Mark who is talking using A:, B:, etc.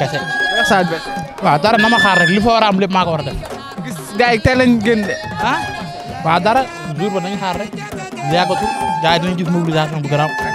A: kese. sa waaw dara na ma xaar rek li fa war a am lépp maa ko war a def. gis gars yi tey lañ génn de. ah waaw dara jour ba nañu xaar rek yàggatul gars yi